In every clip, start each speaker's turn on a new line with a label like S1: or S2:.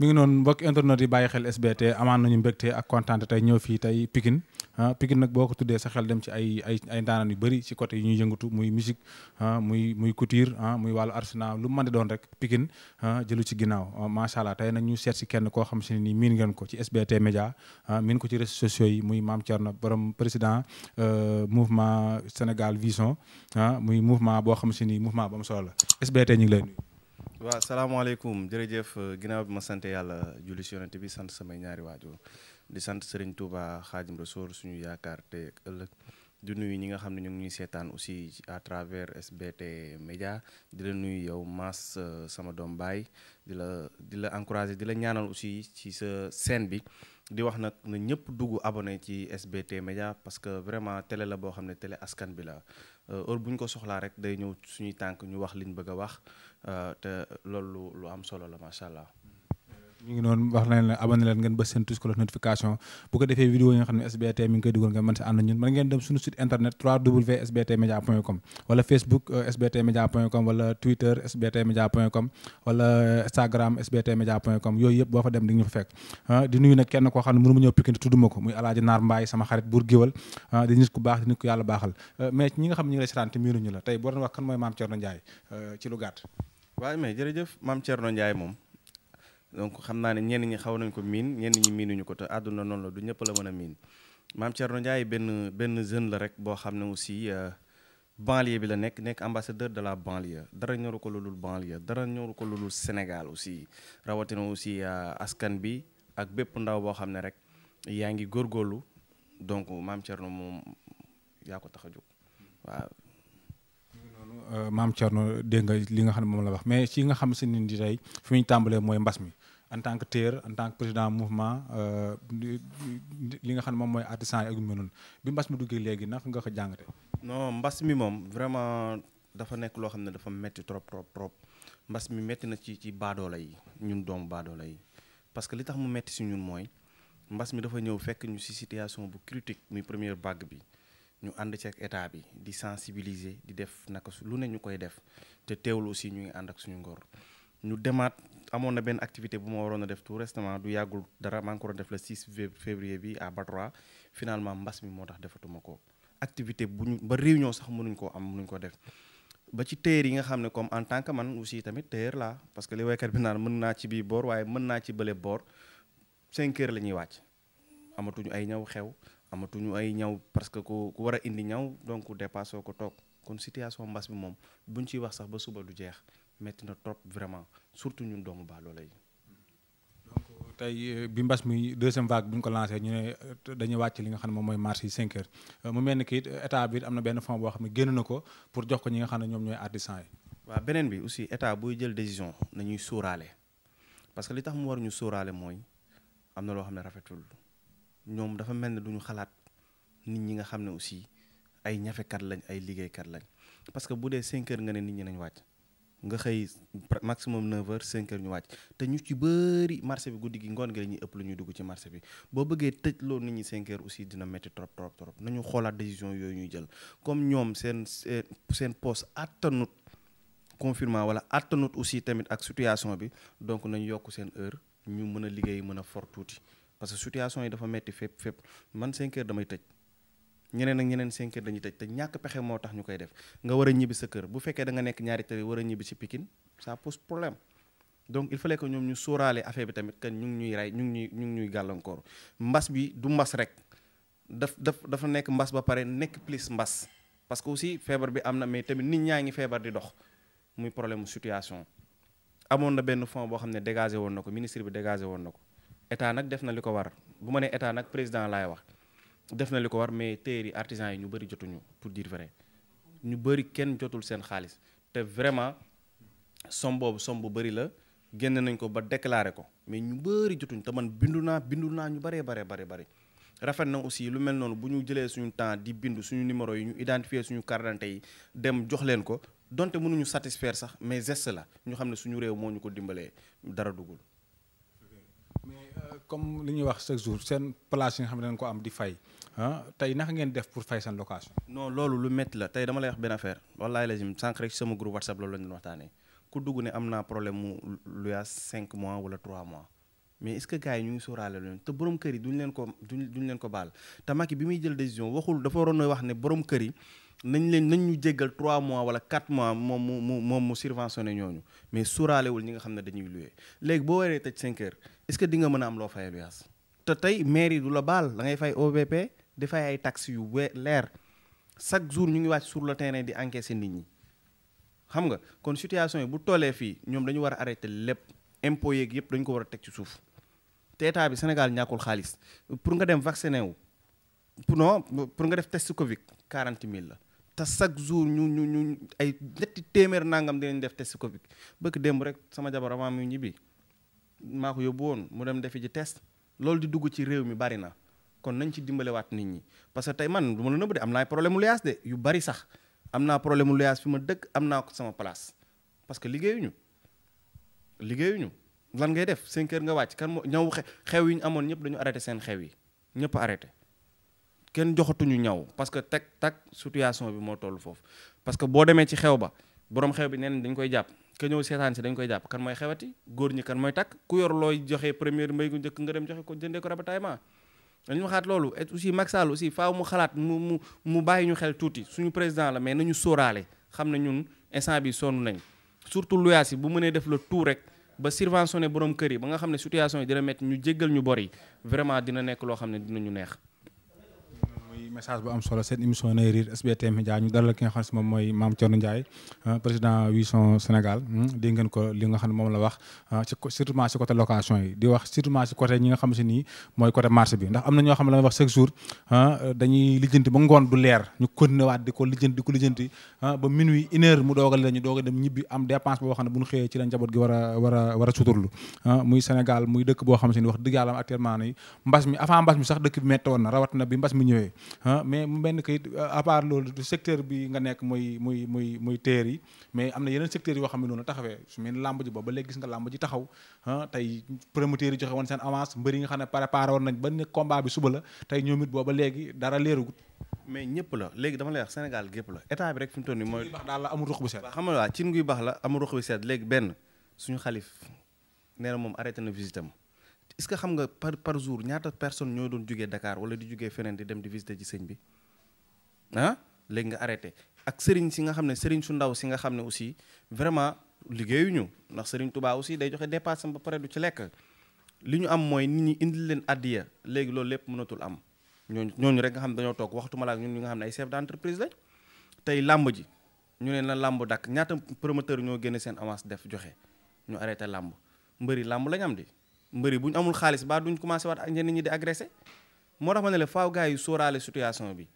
S1: mi ngi noonu mbokk internet yi bàyyi xel SBT amaan nañu mbégte ak kontaan tey ñëw fii tey Pikine ah Pikine nag boo ko tuddee sa xel dem ci ay ay ay ndaanaan yu bëri ci côté yi ñuy yëngatu muy musique ah, muy muy couture ah, muy wàllu arsenal lu mu mën doon rek Pikine ah jëlu ci ginnaaw ah, macha allah tey nag ñu seet si kenn koo xam si ne nii miin ngeen ko ci SBT Média ah miin ko ci réseaux sociaux yi muy Mame Thierno borom président euh, mouvement Sénégal Vision ah muy mouvement boo xam si ni mouvement ba mu solo la SBT ñu ngi lay nuyu.
S2: waaw salaamaaleykum jërëjëf euh, ginaaw bi ma sante yàlla julli si yonent bi sant samay ñaari waajur di sant Serigne Touba Xaadim Rasool suñu yaakaar te ëllëg di nuyu ñi nga xam ne ñu ngi ñuy seetaan aussi à travers SBT Média di la nuyu yow Mass euh, sama doom baay di la di la encourager di la ñaanal aussi ci sa scène bi di wax nag na ñëpp dugg abonné ci SBT Média parce que vraiment tele la boo xam ne tele askan bi la euh, heure bu ñu ko soxlaa rek day ñëw suñuy tànk ñu wax liñ bëgg a wax. Euh, te loolu lu am solo la macha allah.
S1: ñu ngi wax nañ la abonné leen ngeen bës seen touche cloche notification ko defee vidéo yi nga xam ne SBT mi ngi koy dugal nga mën si ànd ñun mën ngeen dem suñu site internet www.sbtmedia.com wala Facebook euh, sbtmedia.com wala Twitter sbtmedia.com wala euh, Instagram sbtmedia.com yooyu yëpp boo fa dem di fekk ah, di nuyu kenn ko muy alaaji Naar Mbaay sama xarit buur géwal ah, di nit baax di nit ku yàlla mais ñi nga xam ne ñi lay seetaan te miinuñu la tey boo doon wax kan mooy Maam Thierno Ndiaye ci lu gàtt
S2: waaye mais jërëjëf maam Thierno Ndiaye moom donc xam naa ne ñenn ñi xaw nañ ko miin ñenn ñi miinuñu ko te àdduna noon la du ñëpp la mën a miin maam Thierno Ndiaye benn benn jeune la rek boo xam ne aussi euh, banlieue bi la nekk nekk ambassadeur de la banlieue dara ñoru ko lu dul banlieue dara ñoru ko lu dul Sénégal aussi rawatina aussi euh, askan bi ak bépp ndaw boo xam ne rek yaa ngi góor góorlu donc maam Thierno moom yaa ko tax a jóg
S1: waaw. Euh, maam Thierno dégg nga li nga xam ne moom la wax mais ci nga xam si ne di tey fi ñu tàmbalee mooy mbas mi en tant que téer en tant que président mouvement euh, li nga xam ne moom mooy artisan yi ak yu bi mbas mi duggee léegi nag nga ko jàngate.
S2: non mbas mi moom vraiment dafa nekk loo xam ne dafa metti trop trop trop mbas mi metti na ci ci baadoola yi ñun doomu baadoola yi parce que li tax mu metti si ñun mooy mbas mi dafa ñëw fekk ñu si situation bu critique muy première vague bi. ñu ànd ci état bi di sensibiliser di def naka su lu ne ñu koy def te teewlu aussi ñu ngi ànd ak suñu ngor ñu demaat amoon na benn activité bu ma waroon a def tout récemment du yàggul dara maa ngi ko doon def le 6 février bi à Batra finalement mbas mi moo tax defatuma ko activité bu ñu ba ñoo sax mënuñ koo am mënuñ ko def ba ci téer yi nga xam ne comme en tant que man aussi tamit téer la parce que li kat bi naan mën naa ci bii boor waaye mën naa ci bële boor 5 heures la ñuy wàcc amatuñu ay ñaw xew amatuñu ay ñaw parce que ku ku war a indi ñaw donc dépassé ko toog kon situation mbas bi moom buñ ciy wax sax ba suba du jeex métti na trop vraiment surtout ñun doomu baaloola yi.
S1: donc tey euh, bi mbas mi deuxième vague bi ñu ko lancé ñu ne euh, dañuy wàcc li nga xam ne moom mooy marché yi 5 heures euh, mu mel ni que it état bi am na benn fonds boo xam ne génn na ko pour jox ko ñi nga xam ne ñoom ñooy artisans yi.
S2: waaw beneen bi aussi état buy jël décision nañuy sóoraale parce que li tax mu war ñu sóoraale mooy am na loo xam ne rafetul. ñoom dafa mel ne duñu xalaat nit ñi nga xam ne aussi ay ñafekat lañ ay liggéeykat lañ parce que bu dee 5 heures nga ne nit ñi nañ wàcc nga xëy maximum 9 heures 5 heures ñu wàcc te ñu ci bëri marché bi guddi gi ngoon gi la ëpp lu ñuy dugg ci marché bi boo bëggee tëj loolu nit ñi 5 aussi dina métti trop trop trop nañu xoolaat décision yooyu ñuy jël comme ñoom seen seen poste attanut confinement wala attanut aussi tamit ak situation bi donc nañu yokk seen heure ñu mën a liggéey mën a for parce que situation yi dafa metti fépp fépp man 5 heures damay tëj ñeneen ak ñeneen 5 heures dañuy tëj te ñàkk pexe moo tax ñu koy def nga war a ñibbi sa kër bu fekkee da nga nekk ñaari tali war a ñibbi ci Pikine ça pose problème donc il fallait que ñoom ñu sóoraale affaire bi tamit kan ñu ngi ñuy rey ñu ñuy ñu ngi ñuy gàllankoor mbas bi du mbas rek daf daf dafa nekk mbas ba pare nekk plus mbas parce que aussi feebar bi am na mais tamit nit ñaa ngi feebar di dox muy problème situation amoon na benn fond boo xam ne dégagé woon na ko ministre bi dégagé woon na ko état nag def na li ko war bu ma nee état nag président laay wax def na li ko war mais téer yi artisans yi ñu bëri jotuñu pour dire vrai ñu bëri kenn jotul seen xaalis te vraiment som boobu som bu bëri la génn nañ ko ba déclaré ko mais ñu bari jotuñ te man bindu naa bindu naa ñu bëree bare bare bëri rafet na aussi lu mel noonu bu ñu jëlee suñu temps di bind suñu numéro yi ñu identifier suñu carte yi dem jox leen ko donte mënuñu satisfaire sax mais geste la ñu xam ne suñu réew moo ñu ko dimbalee dara dugul
S1: comme li ñuy wax chaque jour seen place yi nga xam ne dañ ko am di fay ah tey naka ngeen def pour fay seen location.
S2: non loolu lu métti la tey dama lay wax benn affaire wallaahi lazim sànq rek sama groupe whatsapp loolu la ñu waxtaanee ku dugg ne am naa problème mu luyaas cinq mois wala trois mois. mais est-ce que gars yi ñu ngi sóoraale loolu te borom kër yi duñ leen ko duñ duñ leen ko baal te Macky bi muy jël décision waxul dafa waroon a wax ne borom kër yi nañ leen nañ ñu jéggal 3 mois wala 4 mois moom mu mu moom mu survention subventionné ñooñu mais suuraalewul ñi nga xam ne dañuy loué léegi boo waree tëj 5 heures est ce que di nga mën a am loo fay luyaas te tey mairie du la baal da ngay fay OVP di fay ay taxes yu leer chaque jour ñu ngi wàcc sur le terrain di encaisser nit ñi xam nga kon situation yi bu tollee fii ñoom dañu war a arrêté lépp impôts yeeg yëpp dañu ko war a teg ci suuf te état bi Sénégal ñàkkul xaalis pour nga dem vacciné wu non pour nga def test Covid 40 000 la. te chaque jour ñu ñu ñu ay ñetti téeméer nangam dinañ def test Covid bëgg démb rek sama jabar avant muy ñibbi maa ko yóbbu woon mu dem defi ci test loolu di dugg ci réew mi bari na kon nañ ci dimbalewaat nit ñi parce que tey man du ma la nëbb de am naa problème mu luyaas de yu bari sax am naa problème mu luyaas fi ma dëkk am naa ko sama place parce que liggéeyuñu ñu lan ngay def 5 heures nga wàcc kan moo ñaw xew yi ñu amoon ñëpp dañu arrêté seen xew yi ñëpp arrêté. kenn joxatuñu ñaw parce que teg tag situation bi moo toll foofu parce que boo demee ci xew ba borom xew bi neen dañ koy jàpp ka ñëw seetaan si dañ koy jàpp kan mooy xewati góor ñi kan mooy takk ku yor looy joxe première mbay njëkk nga dem joxe ko jëndee ko ravitaillement dañu waxaat loolu et aussi Macky Sall faaw mu xalaat mu mu bàyyi ñu xel tuuti suñu président la mais nañu sóoraale xam ne ñun instant bi sonn nañ surtout luyaas bu mënee def le tout rek ba subventionné borom kër yi ba nga xam ne situation yi dina métti ñu jéggal ñu bor yi vraiment dina nekk loo xam ne dinañu neex message bu
S1: am solo seen émission nay riir SBT Média ñu dalal ki nga xam si moom mooy Mame Thierno Ndiaye euh, président Vision Sénégal hmm, dégg ngeen ko li nga xam la wax euh, ci surtout si yi di wax surtout si côté ñi nga xam si nii mooy côté marché bi ndax am na ñoo xam ne la may wax chaque jour euh, dañuy lijjanti ba ngoon du leer ñu continuer waat di di ko lijjanti ba minuit une heure mu doogal la ñu doog a dem ñibbi am dépense boo xam ne bu ñu xëyee ci la njaboot gi war a war a war suturlu muy Sénégal muy dëkk boo xam si ni wax dëgg yàlla actuellement nii mbas mi avant mbas mi sax dëkk bi mettoon na rawat na bi mbas Ah, mais mu benn kayit euh, à part loolu du secteur bi nga nekk muy muy muy muy teer yi mais am na yeneen secteurs yoo xam ne noonu taxawee su mel ni làmb ji boobu ba léegi gis nga làmb ji taxaw ah tey promoteurs yi joxe woon seen avance mbër yi nga xam ne préparé woon nañ ba ne combat
S2: bi suba la tey ñoom it booba léegi dara leeragut mais ñëpp la léegi dama lay wax Sénégal gépp la état bi rek fi mu toll nii mooy baax daal la amul ruq bu seet xam nga waa cin la amul ruq bu seet léegi benn moom arrêté na est-ce que xam nga par par jour ñaata personne ñoo doon jugee Dakar wala di jugee feneen di dem di visiter ci sëñ bi léegi nga arrêté ak sëriñ si nga xam ne sëriñ su ndaw si nga xam ne aussi vraiment liggéeyuñu ndax sëriñ Touba aussi day joxe dépasse ba pare du ci lekk li ñu am mooy nit ñi indi leen addiya léegi loolu lépp mënatul am ñooñu ñooñu rek nga xam ne dañoo toog waxtu malaak ñun ñi nga xam ne ay chef d'entreprise lañ tey làmb ji ñu ne la làmb dakk ñaata promoteur ñoo génne seen avance def joxe ñu arrêté làmb mbëri làmb lañ am di mbëri buñ ñu amul xaalis baa duñ commencé waat ak ñenn ñi di agressé moo tax ma ne la faaw yi sóoraale situation bi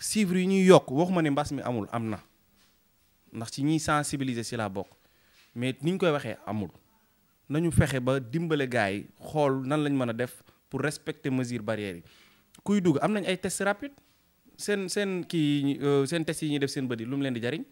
S2: chiffres yi ñuy yokk waxuma ne mbas mi amul am na ndax ci ñiy sensibiliser la bokk mais ni koy waxee amul nañu fexe ba dimbale gars yi xool nan lañ mën a def pour respecter mesures barrières yi kuy dugg am nañ ay tests rapides seen seen kii euh, seen test yi ñuy def seen bët yi lu mu leen di jariñ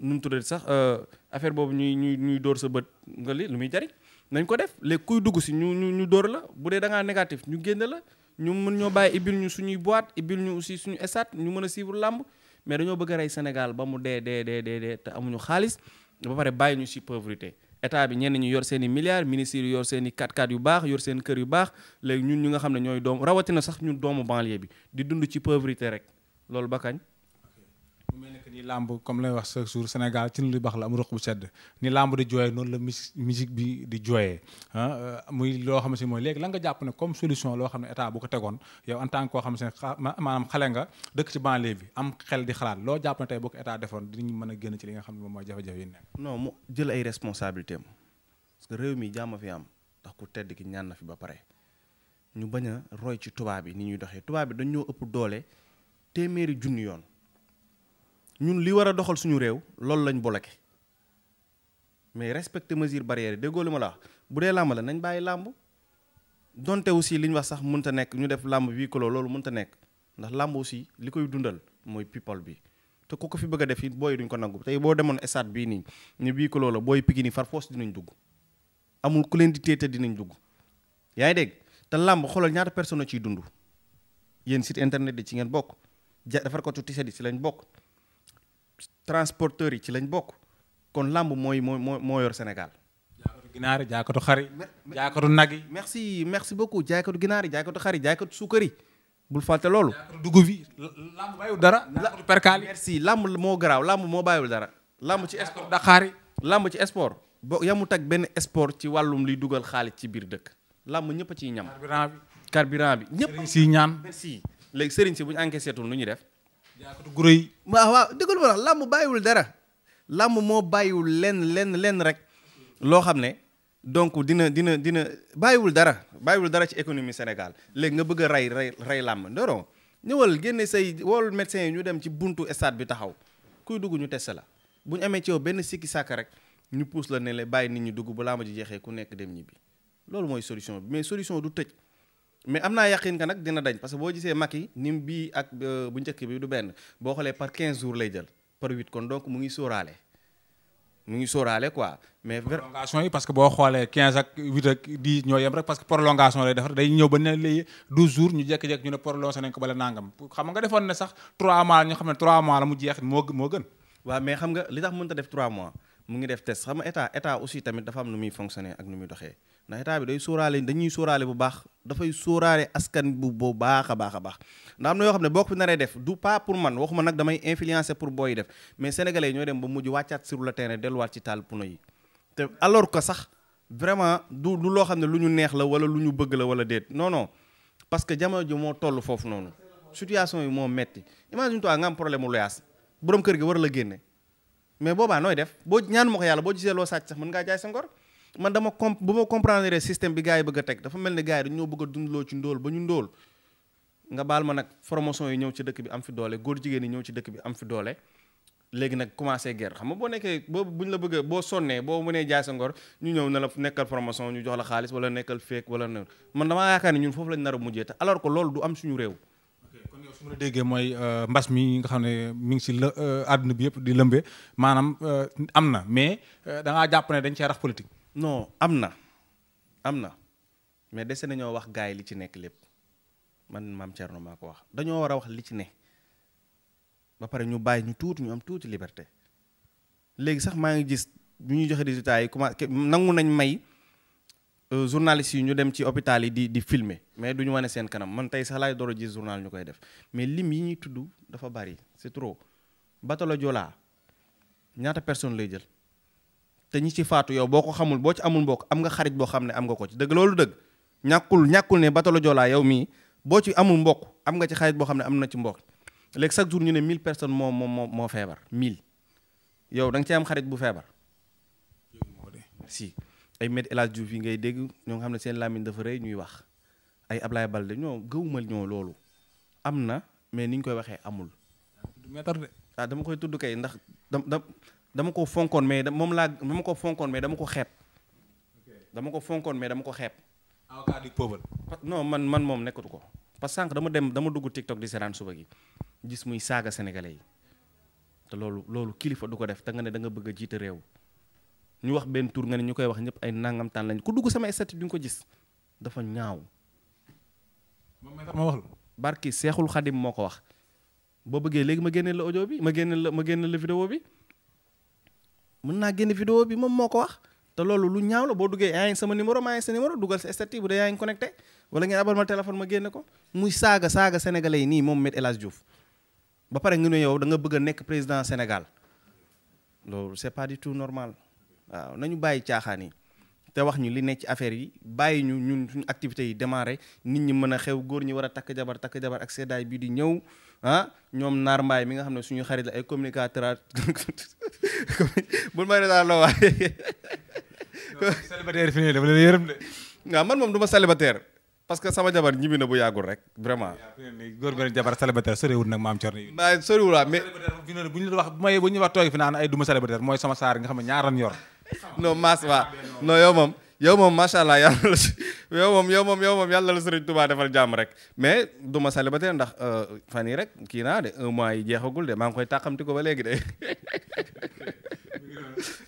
S2: nu mu tuddee sax euh, affaire boobu ñuy ñuy ñuy dóor sa bët nga li lu muy jariñ nañ ko def léegi kuy dugg si ñu ñu ñu dóor la bu dee da ngaa négatif ñu génn la ñu mën ñoo bàyyi ibil ñu suñuy boîte ibil ñu aussi suñu estat ñu mën a suivre làmb mais dañoo bëgg rey Sénégal ba mu dee dee dee te amuñu xaalis ba pare bàyyi ñu si pauvreté état bi ñenn ñu yor seen i milliards ministres yor seen i 4 yu baax yor seen kër yu baax léegi ñun ñu nga xam ne ñooy doom rawatina sax ñun doomu banlieue bi di dund ci pauvreté rek loolu ba kañ
S1: ni làmb comme lay wax chaque jour Sénégal ci lu baax la am ruq bu sedd ni làmb di jooyee noonu la musique bi di jooyee ah euh, muy loo xam si mooy léegi lan nga jàpp ne comme solution loo xam ne état bu ko tegoon yow en tant que koo xam ne maanaam xale nga dëkk ci banlieue bi am xel di xalaat loo jàpp ne tey bu ko état defoon dinañu mën a génn ci li nga xam ne moom mooy jafe-jafe yi nekk.
S2: non mu jël ay responsabilités am parce que réew mi jàmm fi am ndax ku tedd ki ñaan na fi ba pare ñu bañ a roy ci tubaab yi ni ñuy doxee tubaab bi dañoo ëpp doole téeméeri junni yoon ñun li war a doxal suñu réew loolu lañu bloqué mais respecter mesure barrière yi déggoo li ma laa bu dee làmb la nañ bàyyi làmb donte aussi li ñu wax sax mënta nekk ñu def làmb bii kolo loolu mënta nekk ndax làmb aussi li koy dundal mooy people bi te ku ko fi bëgg a def it booy duñ ko nangu tey boo demoon stade bii nii ñu bii kolo la booy Pikine far foos dinañ dugg amul ku leen di téete dinañ dugg yaa ngi dégg te làmb xoolal ñaata personne ciy dund yéen site internet di ci ngeen bokk ja defar ko tu si lañ bokk transporteurs yi ci lañ bokk kon làmb mooy moo moo moo yor Sénégal. jaaykatu ginaar yi jaaykatu xar yi. jaaykatu nag yi. merci merci beaucoup jaaykatu ginaar yi jaaykatu xar yi jaaykatu suukar yi bul fàtte loolu. jaaykatu dugub yi làmb bàyyiwul dara. jaaykatu perkaal yi merci làmb moo garaaw làmb moo bàyyiwul dara. làmb ci sport Dakar yi. làmb ci sport bo yamut ak benn sport ci wàllum liy dugal xaalis ci biir dëkk làmb ñëpp a ciy ñam. carburant bi carburant bi ñëpp. sëriñ si ñaan merci léegi sëriñ si bu ñu enquêté seetul lu ñuy def. jaakatu gu rëy waaw waaw dëggal ma wax làmb bàyyiwul dara làmb moo bàyyiwul lenn lenn lenn rek loo xam ne donc dina dina dina bàyyiwul dara bàyyiwul dara ci économie Sénégal léegi nga bëgg rey rey rey làmb ndoro ñëwal génne say wool médecin yi ñu dem ci buntu stade bi taxaw kuy dugg ñu test la bu ñu amee ci yow benn sikki sàkk rek ñu puus la ne la bàyyi nit ñi dugg bu làmb ji jeexee ku nekk dem ñibbi loolu mooy solution bi mais solution du tëj mais am naa yàqin ka nag dina dañ parce que boo gisee Macky nim bii ak euh, bu njëkk bi du benn boo xoolee par 15 jours lay jël par 8 kon donc mu ngi sóoraale mu ngi sóoraale quoi. mais
S1: parce que boo xoolee 15 ak 8 ak 10 ñoo yem rek parce que prolongation lay defar day ñëw ba ne léegi 12 jours ñu jékki-jékki ñu ne prolongé nañ ko bala nangam xam nga defoon ne sax 3 mois la ñu xam ne 3 mois la mu jeex
S2: moo moo gën. waaw mais xam nga li tax mënut def 3 mois. mu ngi def test xam nga état état aussi tamit dafa am nu muy fonctionner ak nu muy doxee ndax état bi day sóoraale dañuy sóoraale bu baax dafay sóoraale askan bu bu baax a baax a baax ndax xam ne yoo xam ne boo ko naree def du pas pour man waxuma nag damay influencer pour booy def mais sénégalais ñoo dem ba mujj wàccaat sur le terrain delluwaat ci taal puno yi te alors que sax vraiment du loo xam ne lu ñu neex la wala lu ñu bëgg la wala déet non parce que jamono ji moo toll foofu noonu situation yi moo metti imagine toi nga am mu loyaas borom kër gi war la génne mais boobaa nooy def boo ñaanu ma ko yàlla boo gisee loo sàcc sax mën ngaa jaay sa ngor man dama comp bu ma comprendre système bi gars yi bëgg a teg dafa mel ni gars yi dañoo bëgg a dundloo ci ndóol ba ñu ndóol nga baal ma nag formation yi ñëw ci dëkk bi am fi doole góor jigéen yi ñëw ci dëkk bi am fi doole léegi nag commencé guerre xam boo nekkee boo buñ la bëgg boo sonnee boo mënee jaay sa ngor ñu ñëw na la nekkal formation ñu jox la xaalis wala nekkal féeg wala na man damaa yaakaar ne ñun foofu lañ nar a mujjee am suñu réew su ma la déggee mooy
S1: euh, mbas mi nga xam ne mi ngi si la euh, àdduna bi yëpp di lëmbee maanaam euh, am na mais
S2: da jàpp ne dañ cee rax politique. non am na am na mais dese nañoo wax gaay li ci nekk lépp man maam Thierno maa ko wax dañoo war a wax li ci ne ba pare ñu bàyyi ñu tuuti ñu am tuuti liberté léegi sax maa ngi gis bu ñuy joxe résultats yi commencé nangu nañ may Euh, journalistes yi ñu dem ci hôpital yi di di filmer mais du ñu wane seen kanam man tey sax laay door a gis journal ñu koy def mais lim yi ñuy tudd dafa bari c'est trop batalo ñaata personne lay jël te ñi ci faatu yow boo ko xamul boo ci amul mbokk am nga xarit boo xam ne am nga ko ci dëgg loolu dëgg ñàkkul ñàkkul ne batalo Joola yow mii boo ci amul mbokk am nga xarit boo xam ne am na ci mbokk léegi chaque jour ñu ne 1000 personnes moo moo moo feebar 1000 yow da ci am xarit bu feebar ay Me El Hadji yi ngay dégg ñoo xam ne seen làmmiñ dafa rëy ñuy wax ay Ablaye Balde ñoo gëwuma ñoo loolu am na mais ni ñu koy waxee amul. ah dama koy tudd kay ndax dama dama ko fonkoon mais moom laa dama ko fonkoon mais dama ko xeeb. dama ko fonkoon mais dama ko xeeb. avocat du peuple. non man man moom nekkatu ko parce que dama dem dama dugg TikTok di seetaan suba gi gis muy saaga sénégalais yi te loolu loolu kilifa du ko def te nga ne danga bëgg a jiite réew. ñu wax benn tur nga ne ñu koy wax ñëpp ay nangam taan lañ ku dugg sama statut bi ko gis dafa ñaaw. ma wax la. barki seexul xadim moo ko wax boo bëggee léegi ma génneel la audio bi ma génneel la ma génneel la vidéo bi mën naa génne vidéo bi moom moo ko wax. te loolu lu ñaaw la boo duggee yaa sama numéro maa ngi sa numéro dugal sa statut bu dee yaa ngi connecté wala ngeen abal ma téléphone ma génne ko muy saaga saaga sénégalais yi nii moom Me El Hadji ba pare nga ne yow da nga bëgg a nekk président Sénégal loolu c'est pas normal. waaw nañu bàyyi caaxaan yi te wax ñu li nekk ci affaire yi bàyyi ñu ñu suñu activités yi démarré nit ñi mën a xew góor ñi war a takk jabar takk jabar ak seddaay bii di ñëw ah ñoom naar mbaay mi nga xam ne suñu xarit la ay communicateur bul may daal loo waaye célibataire fi ne dama leen yërëm de waaw man moom du ma célibataire parce que sama jabar ñibbi na mooy
S1: sama saar nga xam ne ñaar lan yor. non maas waa non
S2: yow moom yow moom macha allah yàlla la yow moom yow moom yàlla la Serigne Touba defal jàmm rek mais du ma célibataire ndax euh, fan yi rek kii naa mois yi jeexagul de maa ngi koy tàqamti ko ba léegi de.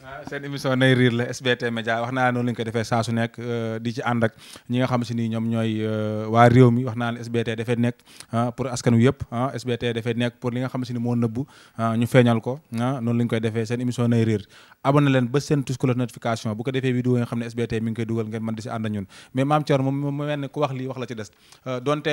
S2: waaw seen émission nay riir la SBT Média wax
S1: naa noon la ñu ko defee saa su nekk euh, di ci ànd ak ñi nga xam si ni ñoom ñooy euh, waa réew mi wax naa ne SBT dafay nekk ah, pour askanu wi yëpp ah, SBT dafay nekk pour li nga xam si ni moo nëbbu ah, ñu feeñal ko noonu la ñu koy defee seen émission nay riir abonné leen ba seen tuskula notification bu ko defee vidéo yi nga xam ne SBT mi ngi koy dugal ngeen mën di si ànd ñun mais maam Thierno moom mu mel euh, donte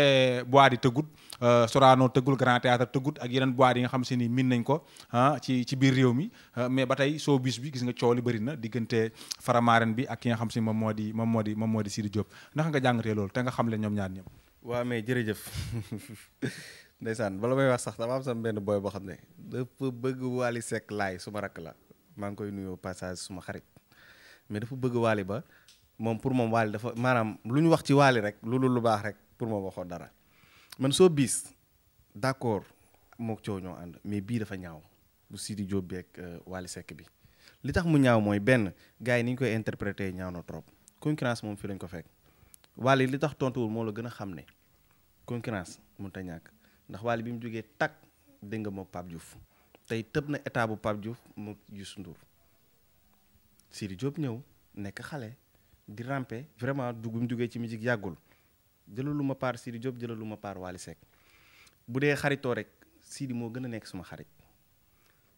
S1: bois di tëggut euh, Sorano tëggul Grand Théâtre tëggut ak yeneen bois yi nga xam si ni min nañ ko ah ci mi euh, mais ba tey showbiz bi gis nga coow li bëri na diggante faramaaren bi ak ki nga xam si moom moo di moom moo di moom moo di Sidi Diop naka nga jàngatee loolu te nga xam leen ñoom ñaar ñëpp
S2: waa mais jërëjëf ndeysaan bala may wax sax dama am sama benn booy boo xam ne dafa bëgg Wally Seck laay suma rakk la maa ngi koy nuyoo passage suma xarit mais dafa bëgg waali ba moom pour moom waali dafa maanaam lu ñu wax ci waali rek lu lu baax rek pour moom waxoo dara man soo biis d'accord mook coow ñoo ànd bii dafa ñaaw bu Sidi Diop bi ak euh, Waly Seck bi li tax mu ñaaw mooy benn gars yi ni ñu koy interprété ñaaw na trop concurrence moom fii lañ ko fekk Waly li tax tontuwul moo la gën a xam ne concurrence mënut a ñàkk ndax Waly bi mu jógee takk dégg nga moo Pape Diouf tey tëb na état bu Pape Diouf mu Youssou Ndour Sidi Diop ñëw nekk xale di rampe vraiment dugum jugee ci mi musique yàggul jëlalu ma paar Sidi Diop jëlalu ma paar Wally Seck bu dee xaritoo rek Sidi moo gën a nekk suma xarit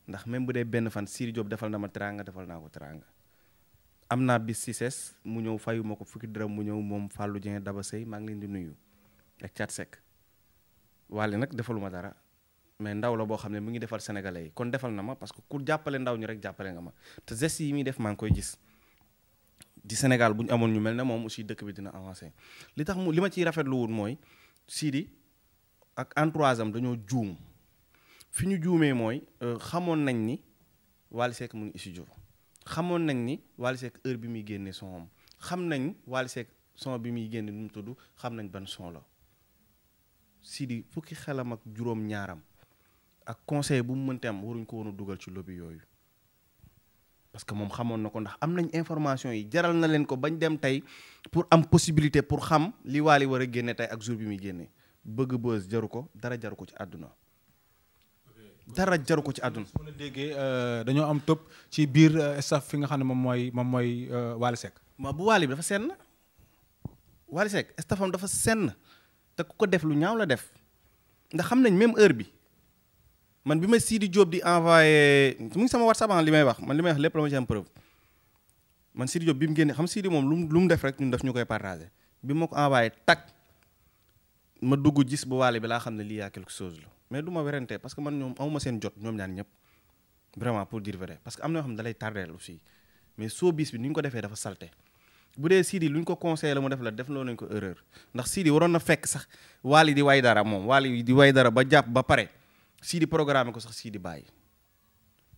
S2: ndax même bu dee benn fan Sidi Diop defal na ma teraanga defal naa ko teraanga am naa bis si ses mu ñëw fayu ma ko fukki dërëm mu ñëw moom Fallou Dieng Daba Sey maa ngi leen di nuyu ak Thiat Seck Wally nag defaluma dara mais ndaw la boo xam ne mu ngi defal sénégalais yi kon defal na ma parce que ku jàppale ndaw ñi rek jàppale nga ma te gestes yi muy def maa ngi koy gis di Sénégal bu ñu amoon ñu mel ne moom aussi dëkk bi dina avancé li tax mu li ma ciy rafetlu wul mooy Sidi ak entourage am dañoo juum fi ñu juumee mooy euh, xamoon nañ ni Wally Seck mu ngi joo xamoon nañ ni Wally Seck heure bi muy génnee son xam nañ Wally Seck son bi muy génne nu mu tudd xam nañ ban son la Sidi fukki xelam ak juróom ak conseil bu mu mënti am waruñ ko woon a dugal ci lobby yooyu parce que moom xamoon na ko ndax am nañ information yi jaral na leen ko bañ dem tey pour am possibilité pour xam li Wally war a génne tey ak jour bi muy génne bëgg bës jaru ko dara jaru ko ci àdduna dara jaru ko ci àdduna.
S1: su ma déggee euh, dañoo am topp ci biir euh, staff fi nga xam ne moom mooy moom mooy euh, Wally Seck.
S2: ma bu Wally bi dafa senn Wally Seck staffam dafa senn te ku ko def lu ñaaw la def ndax xam nañ même heure bi. man bi ma Sidi Diop di envoyé mu ngi sama ah li may wax man li may wax lépp la ma ci man Sidi Diop bi mu génne xam Sidi moom lu mu lu mu def rek ñun daf ñu koy partagé bi ma ko envoyé tag ma dugg gis bu waale bi laa xam ne lii yaa quelque chose la mais ma werante parce que man ñoom amuma seen jot ñoom ñaan ñëpp vraiment pour dire parce que am na yoo xam ne aussi mais soo bis bi ni ñu ko defee dafa salte bu dee Sidi lu ñu ko conseil la mu def la def loo nañ ko erreur ndax Sidi waroon na fekk sax waali di way dara moom waali di way dara ba jàpp ba pare Sidi programme ko sax sii di bàyyi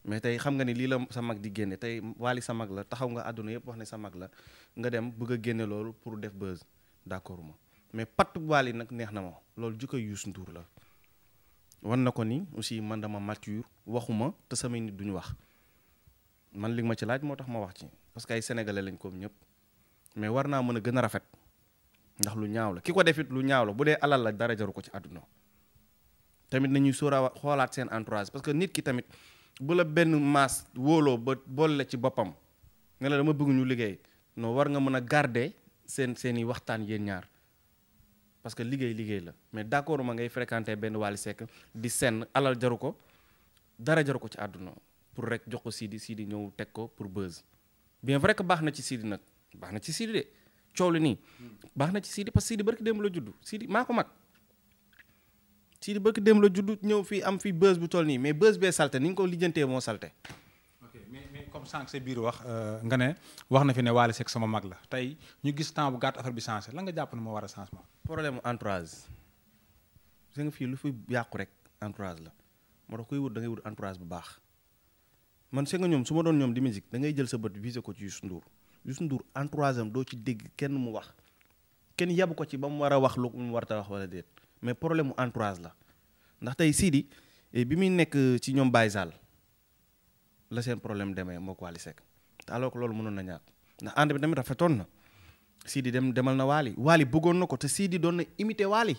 S2: mais tey xam nga ni lii la sa mag di génne tey Wally sa mag la taxaw nga àdduna yëpp wax ne sa mag la nga dem bëgg a génne loolu pour def buzz d'accord ma mais patt Wally nag neex na ma loolu jikko Youssou Ndour la wan na ko ni aussi man dama mature waxuma te samay nit duñu wax man li ma ci laaj moo tax ma wax ci parce que ay sénégalais lañ koom ñëpp mais war naa mën a gën a rafet ndax lu ñaaw la ki ko defit lu ñaaw bu dee alal la dara jaru ko ci àdduna tamit nañuy sóoraa xoolaat seen entourage parce que nit ki tamit bu la benn maas wóoloo ba boole la ci boppam nga la dama bëgg ñu liggéey noo war nga mën a garder seen seeni waxtaan yéen ñaar parce que liggéey liggéey la mais d'accord ma ngay fréquenter benn Wally Seck di senn alal jaru ko dara jaru ko ci àdduna pour rek jox ko di Sidi di ñëw teg ko pour buzz bien vrai que baax na ci Sidi nag baax na ci Sidi de coow li nii hmm. baax na ci Sidi parce que Sidi barki démb la judd Sidi maa mag Sidy bëgg dem la juddu ñëw fii am fii bës bu toll nii mais bës bee salte ni nga ko lijjantee moo salte
S1: ok comme sànq sa biir wax euh, nga ne wax na fi ne Wally Seck
S2: sama mag la tey ñu gis temps bu gàtt affaire bi changé lan nga jàpp moo war a changement problème mu entourage gis fii lu fi yàqu rek entourage la moo tax koy wut da ngay wut entourage bu baax man seen nga ñoom su ma doon ñoom di musique da ngay jël sa bët visé ko ci Youssou Ndour Youssou Ndour entourage am doo ci dégg kenn mu wax kenn yabu ko ci ba mu war a wax lu mu war a wax wala déet mais problème mu entourage la ndax tey Sidi eh, bi muy nekk eh, ci ñoom Baye Sall la seen problème demee moo ko Wally Seck te alors que loolu mënoon na ñaat ndax ànd bi tamit rafetoon na Sidi dem demal na Wally Wally bëggoon na ko te Sidi doon na imité Wally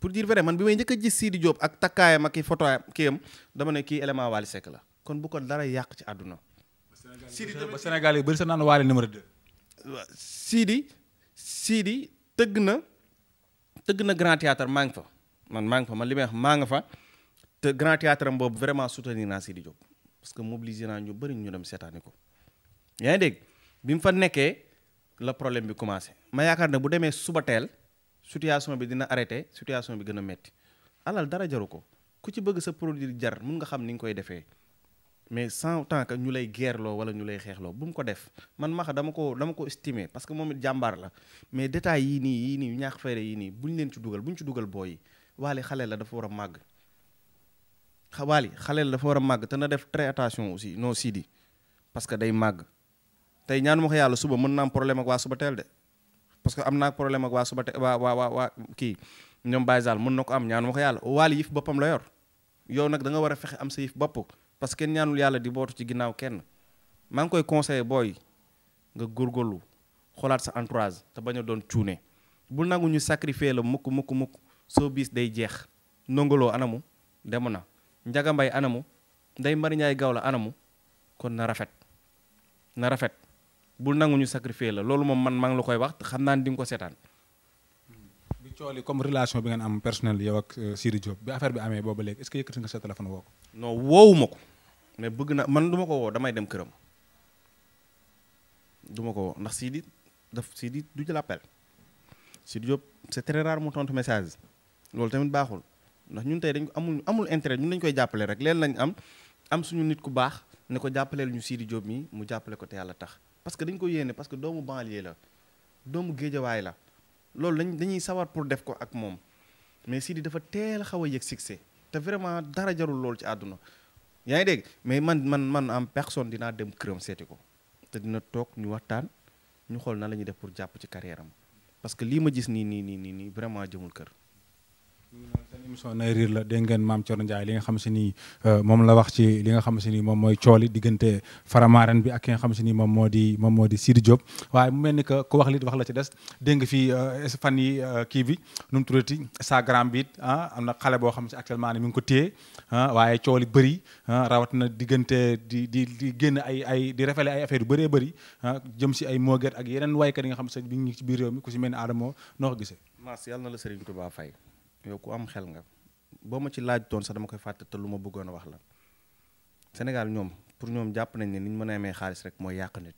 S2: pour dire vrai man bi may njëkk a gis Sidi Diop ak takkaayam ak i photo kiyam dama ne kii élément Wally Seck la kon bu ko dara yàq ci àdduna. Sidi ba Sénégal yi bëri sa naan Wally numéro 2. Sidi Sidi tëgg na. tëgg na grand théâtre maa fa man maa ngi fa ma li may maa nga fa te grand théâtre am boobu vraiment soutenir naa Sidi Diop parce que mobiliser naa ñu bëri ñu dem seetaani ko yaa ngi dégg bi mu fa nekkee la problème bi commencé ma yaakaar ne bu demee suba teel situation bi dina arrêté situation bi gën a metti alal dara jaru ko ku ci bëgg sa produit jar mun nga xam ni nga koy defee mais sans autant que ñu lay guerloo wala ñu lay xeexloo bu mu ko def man maxa dama ko dama ko estimer parce que moom it jàmbaar la mais détails yii nii yii nii ñaax fayre yii nii buñ leen ci dugal buñ ci dugal booy waale xale la dafa war a màgg waali xale la dafa war a màgg te na def très attention aussi non Sidi parce que day màgg tey ñaanu ma ko yàlla suba mën naa am problème ak waa suba teel de parce que am naa problème ak waa suba te waa waa waa kii ñoom mën na ko am ñaanu ma ko yàlla waali yëf boppam la yor yow nag da war a fexe am sa yëf bopp parce que kenn ñaanul yàlla di bootu ci ginnaaw kenn maa ngi koy conseillé booy nga góorgóorlu xoolaat sa entourage te bañ a doon cuune bu nangu ñu sacrifier la mukk mukk mukk soo biis day jeex nongoloo anamu dem na njaga mbay anamu nday mariñaay gaaw la anamu kon na rafet na rafet bul nangu ñu sacrifier la loolu moom man maa ngi koy wax xam naa ne di nga ko seetaan.
S1: bi cooli comme relation bi ngeen am personnel yow ak euh, Sidy Diop bi affaire bi amee booba léegi est-ce que sa téléphone woo
S2: mais bëgg na man duma ko woo damay dem këram duma ko woo ndax Sidi daf Sidi du jël appel Sidi Diop c'est très rare mu tontu message loolu tamit baaxul ndax ñun tey dañ ko amul amul intérêt ñun dañ koy jàppale rek leen lañ am am suñu nit ku baax ne ko jàppaleel ñu Sidi Diop mii mu jàppale ko te yàlla tax parce que dañ ko yéene parce que doomu banlieue la doomu géejawaay la loolu lañ dañuy sawar pour def ko ak moom mais Sidi dafa teel xaw a yëg succès te vraiment dara jarul loolu ci àdduna yaa ngi dégg mais man man man am personne dinaa dem këram seeti ko te dina toog ñu waxtaan ñu xool na la ñuy def pour jàpp ci carrière am parce que lii ma gis nii nii nii nii vraiment jëmul kër seen émission nay riir
S1: la dégg ngeen maam Thior li nga xam si euh, moom la wax ci li nga xam ni moom mooy cooli diggante faramaren bi ak ki nga xam si ni moom moo di moom moo di Sidi Diop waaye mu mel ni que ku wax lit wax la ci des dégg nga fii euh, fan yi euh, kii bi mu tuddati Instagram bi it ah am na xale boo xam si actuellement ni mi ngi ko téye ah waaye cooli bëri ah, na diggante di di di génn ay ay di refale ay affaire yu bëree bëri ah, jëm si ay mooget ak yeneen waykat yi nga xam si bi ngi ci biir réew mi ku si mel ni Adamo noo ko gisee.
S2: Mass yàlla na la Serigne Touba fay. yow ku am xel nga boo ma ci laajutoon sax dama koy fàtte te lu ma bëggoon a wax la Sénégal ñoom pour ñoom jàpp nañ ne ni mën a amee xaalis rek mooy yàq nit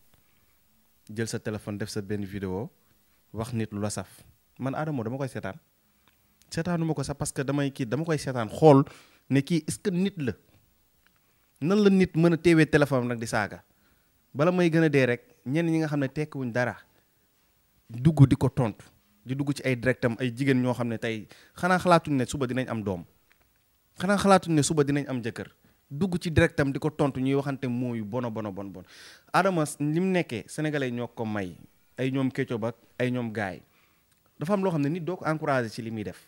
S2: jël sa téléphone def sa benn vidéo wax nit lu la saf man Adamo dama koy seetaan seetaanuma ko sax parce que damay kii dama koy seetaan xool ne kii est nit la nan la nit mën a teewee téléphone nag di saaga bala may gën a dee rek ñenn ñi nga xam ne tekkiwuñ dara dugg di ko tontu di dugg ci ay directam ay jigéen ñoo xam ne tey xanaa xalaatuñ ne suba dinañ am doom xanaa xalaatuñ ne suba dinañ am jëkkër dugg ci directam di ko tontu ñuy waxante mooyu bono bono bon bon Adama li mu nekkee sénégalais ñoo ko may ay ñoom Kécco ba ay ñoom gaay dafa am loo xam ne nit doo ko encouragé ci li muy def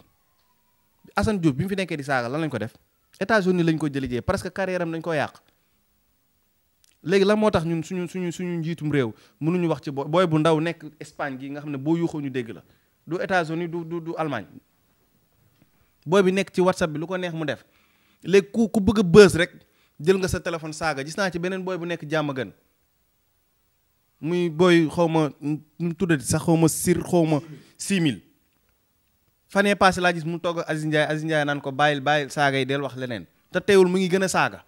S2: Assane Diouf bi mu fi nekkee di saaga lan lañ ko def États-Unis lañ ko jëlijee parce que carrière am dañ ko yàq léegi la moo tax ñun suñu suñu suñu njiitum réew mënuñu wax ci booy bu ndaw nekk Espagne gi nga xam ne boo yuuxoo ñu dégg la du États-Unis du du du Allemagne booy bi nekk ci WhatsApp bi lu ko neex mu def léegi ku ku bëgg a bës rek jël nga sa téléphone saaga gis naa ci beneen booy bu nekk jàmm gën muy booy xawma ma mu tuddati sax xaw ma sir xaw ma 6000 fanee passé laa gis mu togg Aziz Ndiaye Aziz naan ko bàyyil bàyyil saaga yi del wax leneen te teewul mu ngi gën a saaga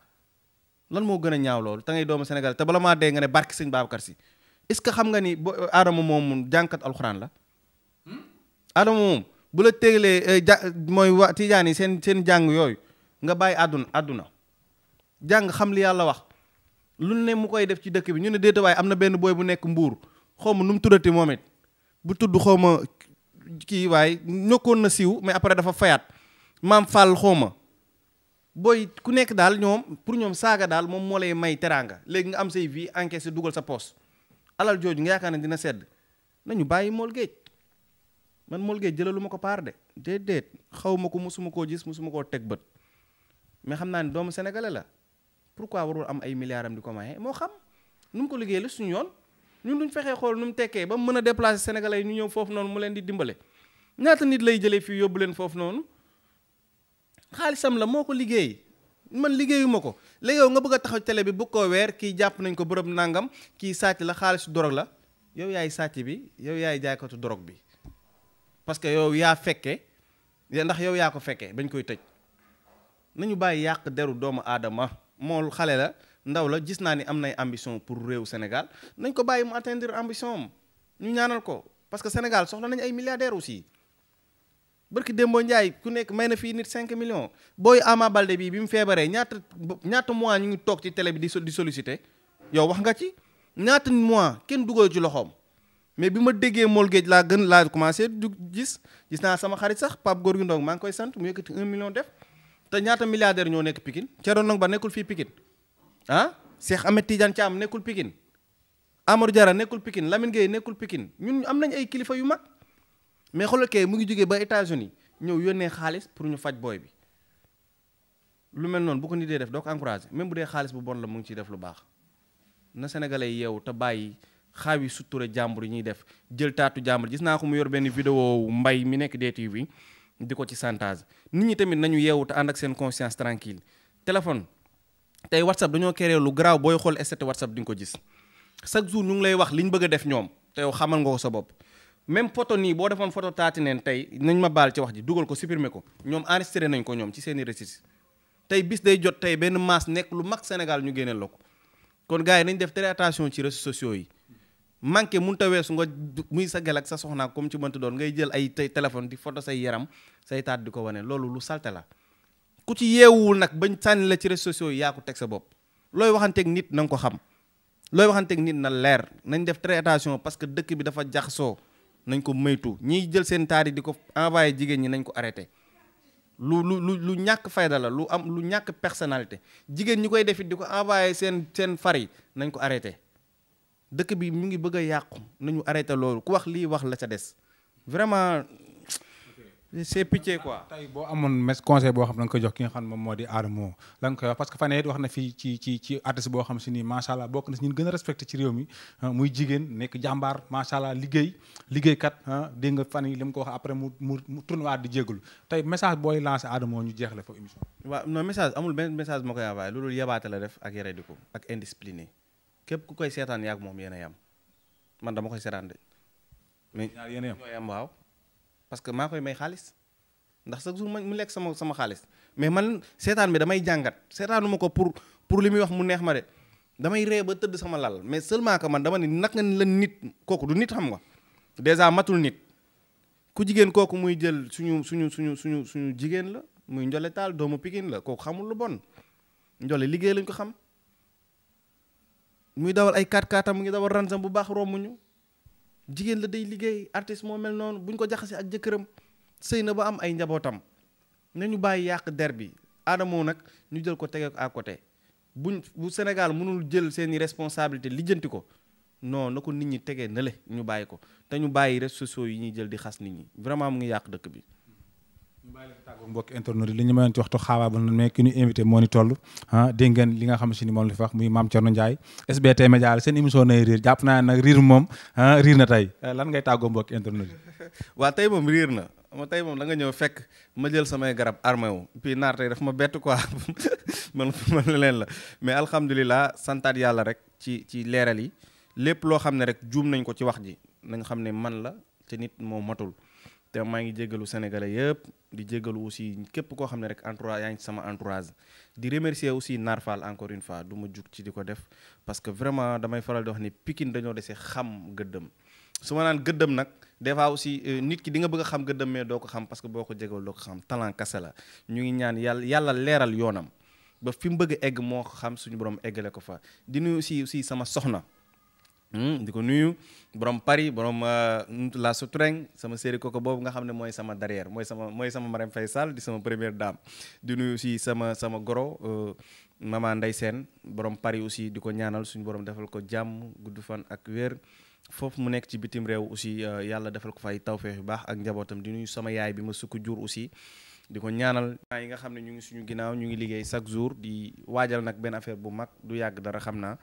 S2: lan moo gën a ñaaw loolu te ngay doomu Sénégal te bala maa dee nga ne barki sëñ Babacar si est que xam nga ni bo aadama moomu jànkat alxuraan la. adama moom bu la teglee eh, ja mooy wax tijaan yi seen seen jàng yooyu nga bàyyi àdduna àdduna jàng xam li yàlla wax lu ne mu koy def ci dëkk bi ñu ne déeta waaye am na benn booy bu nekk mbuur xaw ma nu mu tuddati moom it bu tudd xaw ma kii waaye ñokkoon na siiw mais après dafa fayaat maam fàll xaw ma booy ku nekk daal ñoom pour ñoom saaga daal moom moo lay may teraanga léegi nga am say vie encaissé dugal sa poos alal jooju nga yaakaar ne dina sedd man Moll Gueye jëlalu ma ko paar de déedéet xawuma ma ko mosuma koo gis mosuma koo teg bët mais xam naa ne doomu sénégalais la pourquoi warul am ay milliards am di ko maye moo xam nu mu ko liggéey la suñu yoon ñun duñ fexee xool nu mu tekkee ba mu mën a déplacer sénégalais yi ñu ñëw foofu noonu mu leen di dimbale ñaata nit lay jëlee fii yóbbu leen foofu noonu xaalisam la moo ko liggéey man liggéeyuma ko léegi yow nga bëgg a taxaw télé bi bu ko weer kii jàpp nañ ko bërëb nangam kii sàcc la xaalisu dorog la yow yaay sàcc bi yow yaay jaaykatu dorog bi parce que yow yaa fekke ndax yow yaa ko fekkee bañ koy tëj nañu bàyyi yàq deru doomu aadama mool xale la ndaw la gis naa ni am nay ambition pour réew Sénégal nañ ko bàyyi mu atteindre ambition am ñu ñaanal ko parce que Sénégal soxla nañ ay milliardaires aussi barki Dembo Ndiaye ku nekk may na fii nit cinq million booy Ama Balde bii bi mu feebaree ñaata ñaata mois ñu ngi toog ci télé bi di di sollicité yow wax nga ci ñaata mois kenn dugal ci loxoom. mais bi ma déggee Mool Géej laa gën laa commencé jug gis gis naa sama xarit sax Pape Gorgui Ndong maa ngi koy sant mu yëkkati un million def te ñaata milliardaire ñoo nekk Pikine Thierno Ndong ba nekkul fii Pikine ah Cheikh Ahmed Tidiane am nekkul pikin Amadou Diarra nekkul Pikine Lamine Gueye nekkul pikin ñun am nañ ay kilifa yu mag mais xoolal kay mu ngi jógee ba États-Unis ñëw yónnee xaalis pour ñu faj booy bi lu mel noonu bu ko nit dee def doo ko encouragé même bu dee xaalis bu bon la mu ngi ciy def lu baax na sénégalais yeewu te bàyyi. xaawi sutura jàmbur yi ñuy def jël taatu jàmbur gis naa ko mu yor benn vidéo mbay mi nekk DTV di ko ci chantage nit ñi tamit nañu yeewu te ànd ak seen conscience tranquille téléphone tey whatsapp dañoo créé lu garaaw booy xool statut whatsapp di nga ko gis chaque jour ñu ngi lay wax li ñu bëgg a def ñoom te xamal nga ko sa bopp même photo nii boo defoon photo taati neen tey nañ ma baal ci wax ji dugal ko supprimer ko ñoom enregistré nañ ko ñoom ci seen i tey bis day jot tey benn maas nekk lu mag Sénégal ñu génneel la ko kon gars yi nañ def très ci réseaux sociaux yi manqué mun ta weesu nga muy sa gel ak sa soxnaa comme ci mënti doon ngay jël ay tey téléphone di photo say yaram say taat di ko wane loolu lu salte la ku ci yeewul nag bañ sànni la ci réseaux sociaux yaa ko teg sa bopp looy waxanteeg nit na nga ko xam looy waxanteeg nit na leer nañ def très attention parce que dëkk bi dafa soo nañ ko moytu ñiy jël seen taat yi di ko envoyé jigéen ñi nañ ko arrêté lu lu lu lu ñàkk fayda la lu am lu ñàkk personnalité jigéen ñi koy defit di ko envoyé seen seen far yi nañ ko arrêté dëkk bi mu ngi bëgg a yàqu nañu arrêté loolu ku wax lii wax la ca des vraiment c'est pitié quoi.
S1: tey boo amoon mes conseil boo xam ne da nga koy jox ki nga moom moo di Adamo la que fan yii wax na fii ci ci ci artiste xam si ni macha allah bokk na si ñun gën ci réew mi ah, muy jigéen nekk jàmbaar macha allah liggéey liggéeykat ah, dégg nga fan yi li mu ko wax après mu mu mu tourné waat di jégalu tey message booy lancé Adamo ñu jeexle foofu émission.
S2: waaw non message amul benn message moo koy envoyé loolu yabaate la def ak yaree di ko ak indiscipliné. képp ku koy seetaan yaag moom yéen a yam man dama koy seetaan de. mais yéen a yam ñoo yam waaw. parce que maa koy may xaalis ndax chaque jour ma mu lekk sama sama xaalis mais man seetaan bi damay jàngat seetaanu ma ko pour pour li muy wax mu neex ma de damay ree ba tëdd sama lal mais seulement que man dama ne naka la nit kooku du nit xam nga dèjà matul nit ku jigéen kooku muy jël suñu suñu suñu suñu suñu jigéen la muy njole taal doomu pikin la kooku xamul lu bon njole liggéey lañ ko xam. muy dawal ay 4 x mu ngi dawal ransam bu baax rombuñu jigéen la day liggéey artiste moo mel noonu buñ ko jaxasee ak jëkkëram sëy na ba am ay njabootam ñu bàyyi yàq der bi aadamoo nag ñu jël ko tege ko à côté buñ bu Sénégal mënul jël seeni responsabilité lijjanti ko non na ko nit ñi tegee na ñu bàyyi ko te ñu bàyyi réseaux sociaux yi ñuy jël di xas nit ñi vraiment mu ngi yàq dëkk bi ñu
S1: mbokk internet yi li ñu mayoon ci waxtu xaawaa ba mais ki ñu invité moo ni toll ah dégg ngeen li nga xam si ni moom la fi wax muy Mame Thierno Ndiaye SBT Média seen émission nay riir jàpp naa moom ah riir na tey eh,
S2: lan ngay tàggoo mbokk internet waa tey moom riir na ma tey moom da nga ñëw fekk ma jël samay garab armé wu puis naar tey daf ma bett quoi man man leen la mais alhamdulilah santaat yàlla rek ci ci leeral yi lépp loo xam ne rek juum nañ ko ci wax ji nañ xam ne man la te nit moo matul te maa ngi jégalu sénégalais yëpp di jégalu aussi képp koo xam ne rek entourage yaa ngi sama entourage di remercier aussi Narfal encore une fois du ma jug ci di ko def parce que vraiment damay faral di wax ni pikin dañoo dese xam gëddëm su ma naan gëddëm nag des fois aussi euh, nit ki di nga bëgg xam gëddëm mais doo ko xam parce que boo ko jégewul doo ko xam talent kase la ñu ngi ñaan yàlla yàlla leeral yoonam ba fi mu bëgg egg moo xam suñu borom eggale ko fa di nuyu aussi aussi sama soxna. Hmm, di ko nuyu borom Paris borom euh, la Souterraine sama série koko boobu nga xam ne mooy sama derrière mooy sama mooy sama Marème Faye Sall di sama première dame di nuyu aussi sama sama goro euh, maman Ndeye Sène borom pari aussi di ko ñaanal suñu borom defal ko jàmm gudd fan ak wér foofu mu nekk ci bitim réew aussi euh, yàlla defal ko fay tawfeex yu baax ak njabootam di nuyu sama yaay bi ma sukk jur aussi di ko ñaanal yi nga xam ne ñu ngi suñu ginnaaw ñu ngi liggéey chaque jour di waajal nag benn affaire bu mag du yàgg dara xam naa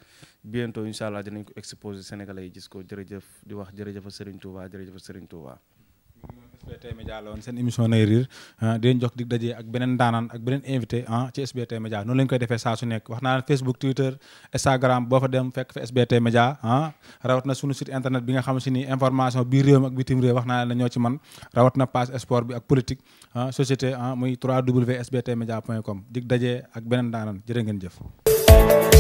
S2: bientôt incha allah dinañ ko exposé Sénégalais yi gis ko jërëjëf di wax jërëjëfa Serigne Touba jërëjëfa Serigne Touba. SBT Média la woon seen
S1: émission nay riir ah, di leen jox dig dajee ak beneen daanaan ak beneen invité ah, ci SBT Média noonu la koy defee saa nekk wax naa Facebook Twitter Instagram boo fa dem fekk fa SBT Média ah, rawat na suñu site internet bi nga xam si ni information biir réew mi ak bitim réew wax naa ci man rawat na page sport bi ak politique ah société ah muy 3w sbtmedia.com dig dajee ak beneen daanaan jërë ngeen jëf